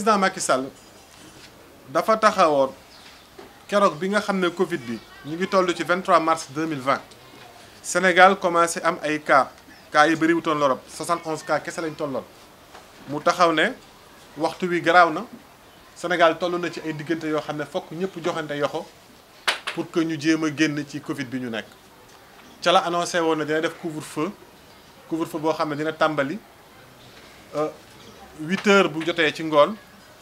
président Macky Sall dafa taxawoon keroog bi nga xam ne Covid bi ñu ngi toll ci 23 mars 2020 Sénégal commencé am ay cas kaa yi bëriwutoon l'Europe 71 cas kese lañ tolloon mu taxaw ne waxtu wi garaaw na Sénégal toll na ci ay diggante yoo xam ne fokk ñëpp joxante yoxo pour que ñu jéem a génn ci Covid bi ñu nekk. ca la annoncé woon na dina def couvre-feu couvre-feu boo xam ne dina tàmbali 8 euh, bu jotee ci ngoon.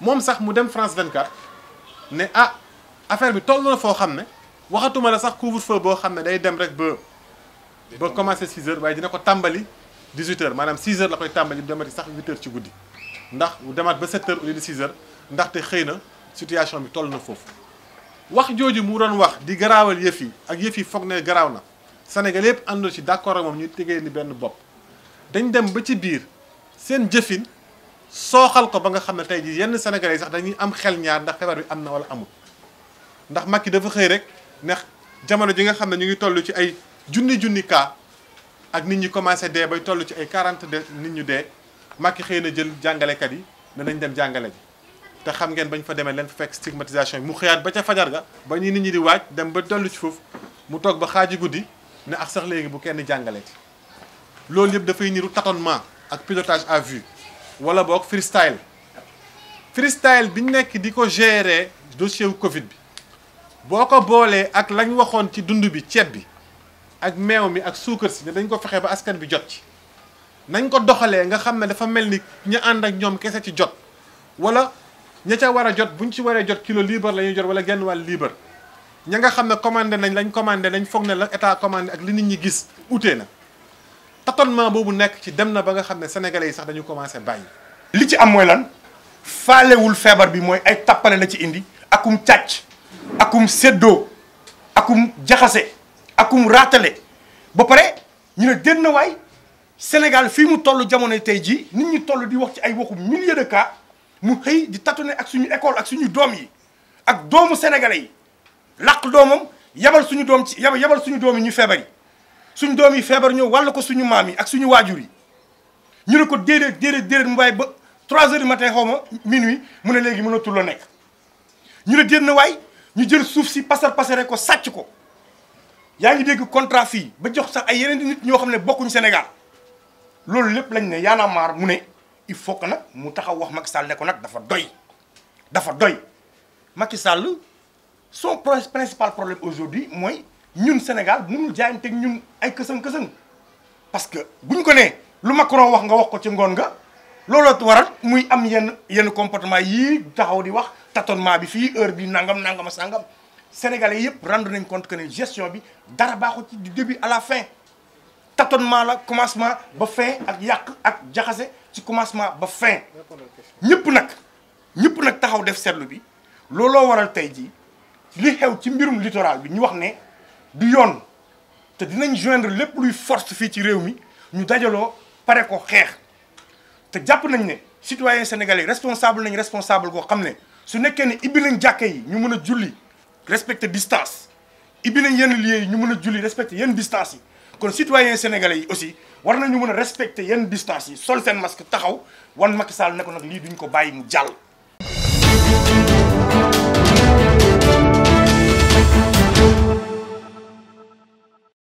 mom sax mu dem France 24 ne ah affaire bi tollu fo xamne waxatuma la sax couvre-feu bo xamne day dem rek ba ba commencer 6 h way dina ko tàmbali 18 h manam 6 h la koy tàmbali demati sax 8 h ci goudi ndax demat ba 7 h au lieu de 6 h ndax te xeyna situation bi tollu na foofu wax joju mu doon wax di grawal yefi ak yefi yi foog ne garaaw na Sénégal yëpp àndoon ci d'accord ak mom ñu tegee ni benn bop dañ dem ba ci biir seen jëfin soxal ko ba nga xamne tay ji yenn sénégalais sax dañuy am xel ñaar ndax feebar bi amna wala amul ndax makki dafa xëy rek ndax jamono ji nga xamne ñu ngi tollu ci ay junni junni ka ak nit ñi commencé dé bay tollu ci ay 40 nit ñu dé makki xeyna jël jàngalé kat yi nañ dem jàngale ji te xam ngeen bañ fa démé len fa fekk stigmatisation mu xiyat ba ca fajar ga ba ñi nit ñi di waaj dem ba tollu ci fuf mu tok ba xaji guddi ne ak sax légui bu kenn jàngalé ci lool yëpp da fay niru tâtonnement ak pilotage à vue wala boog freestyle freestyle biñ nekk di ko gérer dossier wu Covid bi boo ko boolee ak lañ waxoon ci dund bi ceeb bi ak meew mi ak suukar si ne dañ ko fexe ba askan bi jot ci nañ ko doxalee nga xam ne dafa mel ni ña ànd ak ñoom kese ci jot wala ña ca war a jot buñ ci waree jot kilo liibar la ñuy jot wala genn wàll liibar ña nga xam ne commandé nañ lañ commandé nañ foog ne la état commandé ak li nit ñi gis utee na tâtonnement bobu nek ci dem na ba nga xamné sénégalais sax dañu commencé bàyyi. li ci am moy lan faalewul feebar bi moy ay tapalé la ci indi akum càcc akum seddo akum jaxassé akum ratalé ba paré ñu ne dénn way Sénégal fi mu tollu jamono tay ji nit ñi tollu di wax ci ay waxu milliers de cas mu xey di tâtonner ak suñu école ak suñu dom yi ak doomu sénégalais yi laq domam yabal suñu dom ci yabal suñu dom yi ñu feebar yi suñ doomi yi feebar wal ko suñu maam yi ak suñu ñu ne ko ba 3 heures du matin xaw minuit mu ne légui mëna la nek ñu ne na ñu jël souf ci pasar passeré ko sàcc ko yaa dégg ba jox sax ay nit ñoo Sénégal loolu lañ ne mar mu ne il faut que nous mu taxaw wax Macky Sall ko Macky Sall son principal problème aujourd'hui moy ñun Sénégal mënul jaayanteeg ñun ay kësën-kësën parce que buñ ko nee lu Macron wax nga wax ko ci ngoon nga looloo waral muy am yenn yenn comportement yii taxaw di wax tâtonnement bi fii heure bi nangam nangama sangam sénégalais yëpp rendre nañ compte que ne gestion bi dara baaxu ci du début à la fin tâtonnement la commencement ba fin ak yàq ak jaxase ci commencement ba fin ñëpp nag ñëpp nag taxaw def seetlu bi looloo waral tey jii li xew ci mbiru littoral bi ñu wax ne du yoon te dinañ joindre les luy force fii ci réew mi ñu dajaloo pare ko xeex te jàpp nañ ne citoyen sénégalais responsable nañ responsable quoi xam ce su nekkee ne ibbi nañ jàkke yi ñu julli respecter distance ibbi nañ yenn lieux yi ñu mën julli respecter yenn distance yi kon citoyen sénégalais yi aussi war nañu mën respecter yenn distance yi sol sen masque taxaw wan Macky Sall ne ko nag lii duñ ko bàyyi mu